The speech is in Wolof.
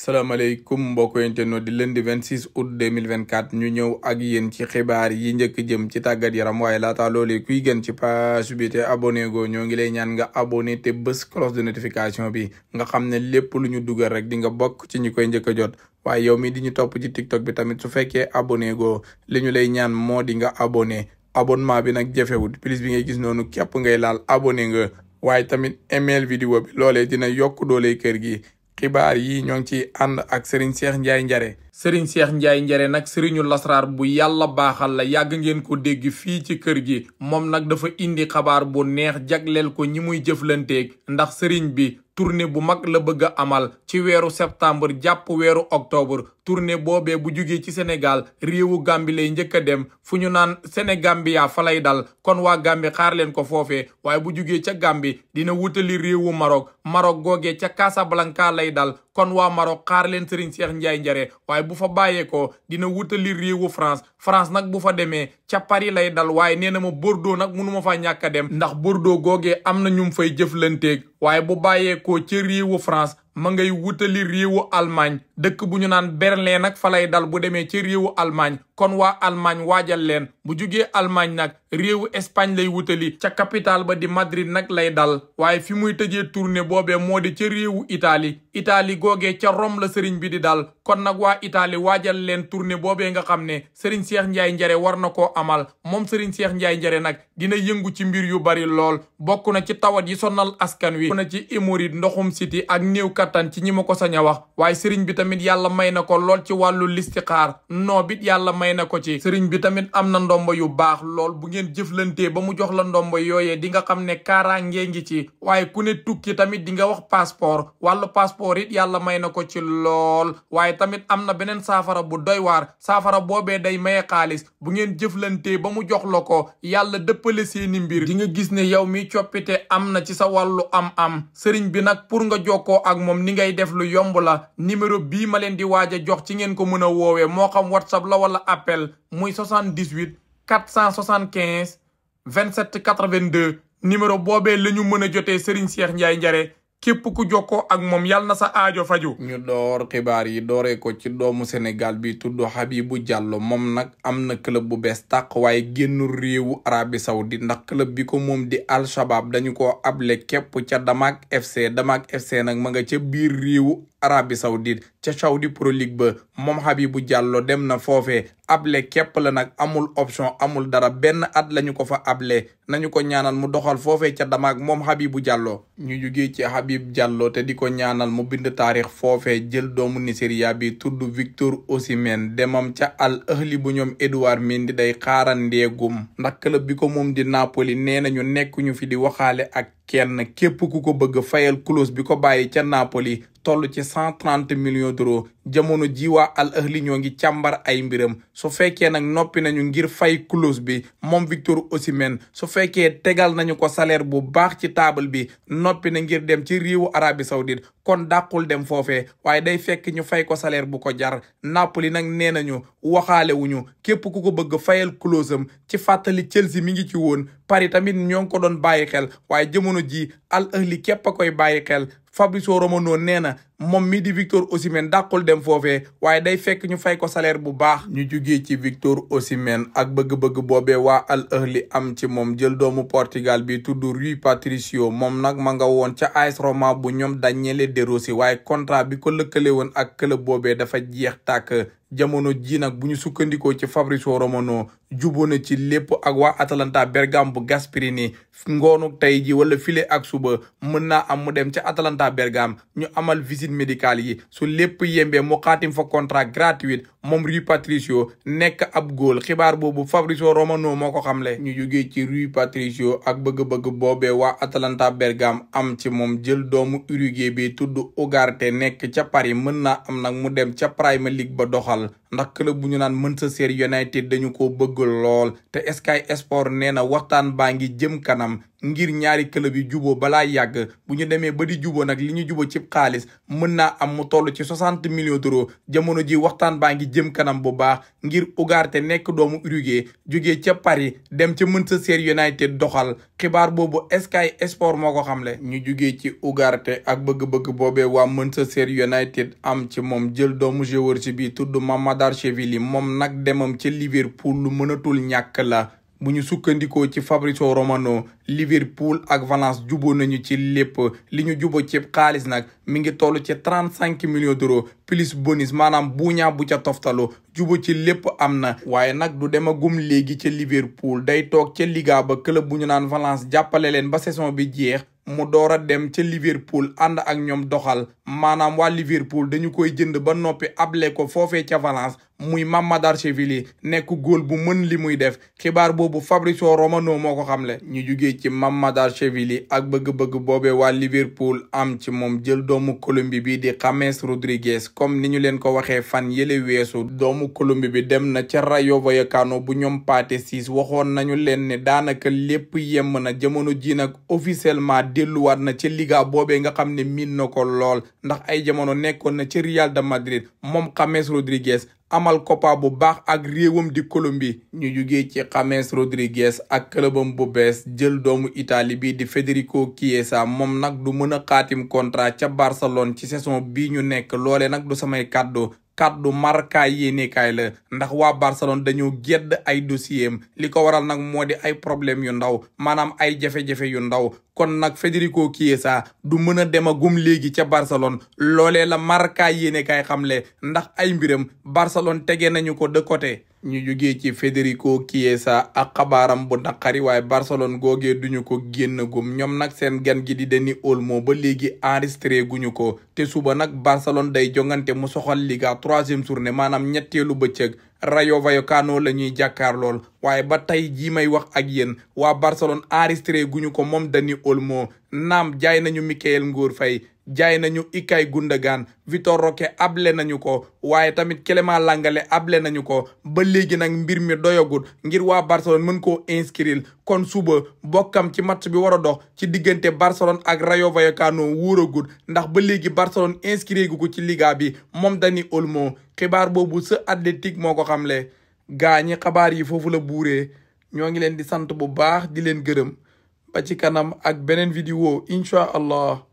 salaamaaleykum mbokk internet di vingt lundi 26 août 2024 ñu ñëw ak yéen ci xibaar yi njëkk jëm ci tàggat yaram waaye laata loolee kuy gën ci page bi te abonné go ñoo ngi lay ñaan nga abonné te bés cloche de notification bi nga xam ne lépp lu ñu dugal rek di nga bokk ci ñi koy njëkk a jot waaye yow mi di ñu topp ci tiktok bi tamit su fekkee abonné go li ñu lay ñaan moo di nga abonné abonnement bi nag jafewut plus bi ngay gis noonu képp ngay laal abonné nga waaye tamit email vidéo bi loolee dina yokk doole kër gi. xibaar yi ñoo ngi ci ànd ak Serigne Cheikh Ndiaye Njare sëriñ seex njaay njare nag sëriñu lasraar bu yàlla baaxal la yàgg ngeen ko dégg fii ci kër gi moom nag dafa indi xabaar bu neex jagleel ko ñi muy jëflanteeg ndax sëriñ bi tourne bu mag la bëgg a amal ci weeru septembre jàpp weeru octobre tourne boobee bu jugee ci senegal réewu Gàmbi lay njëkk a dem fu ñu naan Sénégambia fa lay dal kon waa Gàmbi xaar leen ko foofee waaye bu jugee ca Gàmbi dina wutali réewu Maroc Maroc googee ca Casablanca lay dal kon wa Maroc xaar leen Serigne Cheikh Ndiaye bu fa bàyyeekoo dina wuta wutali réewu France France nag bu fa demee ca Paris lay dal waaye nee na ma Bordeaux nag munuma ma faa ñàkk a dem ndax Bordeaux googee am na ñu fay jëflanteeg waaye bu bàyyeekoo ci réewu France ma ngay wutali réewu almaañ dëkk bu ñu naan Berlin nag fa lay dal bu demee ci réewu almaañ kon waa almaañ waajal leen bu jógee Allemagne nag réewu Espagne lay wutali ca capital ba di Madrid nag lay dal waaye fi muy tëjee tournée boobee moo di ca réewu itali itali googee ca Rome la sëriñ bi di dal kon nag waa itali waajal leen tournée boobee nga xam ne sëriñ Cheikh Ndiaye Njare war na ko amal moom sëriñ Cheikh Ndiaye Njare nag dina yëngu ci mbir yu bari lool bokk na ci tawat yi sonal askan wi na ci hémorroïde ndoxum siti ak néew kattan ci ñi ko sañ a wax waaye sëriñ bi tamit yàlla may na ko lool ci wàllu listixaar noo bit yàlla may na ko ci sëriñ bi tamit am na ndombo yu baax lool bu ngeen jëflantee ba mu jox la ndombo yooyee di nga xam ne kaaraange ngi ci waaye ku ne tukki tamit di nga wax passeport wàllu passeport it yàlla may na ko ci lool waaye tamit am na beneen saafara bu doy waar saafara boobee day maye xaalis bu ngeen jëflantee ba mu jox la ko yàlla dëppale seeni mbir yow mi am sëriñ bi nag pour nga jokkoo ak moom ni ngay def lu yomb la numéro bii ma leen di waaj a jox ci ngeen ko mën a woowee moo xam whatsapp la wala appel muy 78 475 27 82 numéro boobee la ñu mën a jotee sëriñ Cheikh Ndiaye Njare képp ku jokkoo ak moom yàlla na sa aajo faju ñu door xibaar yi dooree ko ci doomu Sénégal bi tudd Habibou Diallo moom nag am na club bu bees tàq waaye génn réewu Arabie Saoudite ndax club bi ko moom di Al Shabab dañu ko able képp ca Damak FC Damak FC nag ma nga ca biir réewu Arabie Saoudite ca Saudi Pro ba moom Habibou Diallo dem na foofee able képp la nag amul option amul dara benn at lañu ko fa able nañu ko ñaanal mu doxal foofee ca damaak moom Habibou Diallo ñu jugee ci Habib Diallo te di ko ñaanal mu bind taarix foofee jël doomu Nigeria bi tudd Victor Osimhen demam ca Al Ahli bu ñoom Edouard Mendy day xaarandeegum ndax club bi ko moom di Napoli nee nañu nekk ñu fi di waxaale ak kenn képp ku ko bëgg fayal clause bi ko bàyyi ca Napoli toll ci cent trente millions d'euros jamono ji waa Al Ahli ñoo ngi càmbar ay mbiram su fekkee nag noppi nañu ngir fay clause bi moom Victor Osimhen su fekkee tegal nañu ko salaire bu baax ci table bi noppi na ngir dem ci réewu Arabie Saoudite kon dàqul dem foofe waaye day fekk ñu fay ko salaire bu ko jar Napoli nag nee nañu waxaale wuñu képp ku ko bëgg fayal clause am ci fàttali Chelsea mi ngi ci woon Paris tamit ñoo ngi ko doon bàyyi xel waaye jamono ji Al Ahli képp koy bàyyi xel Fabrizio Romano nee na moom mii di Victor Osimhen dàqul dem foofee waaye day fekk ñu fay ko salaire bu baax. ñu jugee ci Victor Osimhen ak bëgg-bëgg boobee waa Al Ahli am ci moom jël doomu Portugal bi tudd Rui Patricio moom nag ma nga woon ca AS Roma bu ñoom Daniele De Rossi waaye contrat bi ko lëkkale woon ak club boobee dafa jeex tàkk. jamono ji nag bu ñu sukkandiku ci Fabrizio Romano juboo na ci lépp ak wa Atalanta Bergamo bu Gasperini ngoonu tey ji wala file ak suba mën naa am mu dem ca atlanta Bergamo ñu amal visite médicale yi su lépp yembee mu xaatim fa contrat gratuit moom Rui Patricio nekk ab góol xibaar boobu Fabrizio Romano moo ko xamle ñu jógee ci Rui Patricio ak bëgg-bëgg boobee wa Atalanta Bergamo am ci moom jël doomu Uruguay bi tudd Ugarte nekk ca Paris mën naa am nag mu dem ca Premier League ba doxal Sénégal ndax club bu ñu naan Manchester United dañu ko bëgg lool te Sky Sport nee na waxtaan baa ngi jëm kanam ngir ñaari club yi juboo balaa yàgg bu ñu demee ba di juboo nag li ñu juboo ci xaalis mën naa am mu toll ci soixante millions d'euros jamono ji waxtaan baa ngi jëm kanam bu baax ngir Ugarte nekk doomu Uruguay juge ca Paris dem ci ca Manchester United doxal xibaar boobu Sky Sport moo ko xamle. ñu jógee ci Ugarte ak bëgg-bëgg boobee waa Manchester United am ci moom jël doomu joueur ci bi tudd Mamardashvili moom nag demam ca Liverpool lu mënatul ñàkk la. bu ñu sukkandikoo ci Fabrizio Romano Liverpool ak Valence juboo nañu ci lépp li ñu jubo ci xaalis nag mi ngi toll ci trente cinq millions d'euros plus bonus maanaam buñaa bu ca toftalu jubo ci lépp am na waaye nag du dem a gum léegi ca Liverpool day toog ca Liga ba club bu ñu naan Valence jàppale leen ba saison bi jeex mu door a dem ca Liverpool ànd ak ñoom doxal maanaam waa Liverpool dañu koy jënd ba noppi able ko foofee ca Valence muy Mame Matar Sefili nekk góol bu mën li muy def xibaar boobu Fabrizio Romano moo ko xamle ñu jugee ci Mame Matar Sefili ak bëgg-bëgg boobee waa Liverpool am ci moom jël doomu Colombie bi di James Rodriguez comme ni ñu leen ko waxee fan yële weesu doomu Colombie bi dem na ca Rayo Vallecano bu ñoom pate Ciss waxoon nañu leen ne daanaka lépp yemm na jamono ji nag officiellement delluwaat na ci Liga boobee nga xam ne miin na ko lool ndax ay jamono nekkoon na ci Real de Madrid moom James Rodriguez amal koppa bu baax ak réewam di Colombie ñu jugee ci James Rodriguez ak këlëbam bu bees jël doomu itali bi di Federico Chiesa moom nag du mën a xaatim contrat ca Barcelone ci saison bii ñu nekk loole nag du samay kàddu kaddu marka yéenekaay la ndax waa Barcelone dañoo gedd ay dossier am li ko waral nag moo di ay problème yu ndaw maanaam ay jafe-jafe yu ndaw kon nag Federico Chiesa du mën a dem gum léegi ca Barcelone loolee la marka yéenekaay xamle ndax ay mbiram Barcelone tege nañu ko de côté. ñu jugee ci Federico Chiesa ak xabaaram bu naqari waaye Barcelone googee duñu ko génn gum ñoom nag seen gan gi di Dani Olmo ba léegi enregistré guñu ko te suba nag Barcelone day jongante mu soxal Liga troisième journée maanaam ñetteelu bëccëg Rayo Vallecano la ñuy jàkkaar lool waaye ba tey jii may wax ak yéen waa Barcelone enregistré guñu ko moom Dani Olmo naam jaay nañu Michael Ngor fay jaay nañu Ilkay Gundogan Vitor Roque able nañu ko waaye tamit Clément langale able nañu ko ba léegi nag mbir mi doyagul ngir waa Barcelone mën koo inscrire kon suba bokkam ci match bi war a dox ci diggante Barcelone ak Rayo Vallecano wóoragul ndax ba léegi Barcelone inscrire gu ko ci Liga bi moom Dani Olmo xibaar boobu sa Athletic moo ko xamle gaa ñi xabaar yi foofu la buuree ñoo ngi leen di sant bu baax di leen gërëm ba ci kanam ak beneen vidéo incha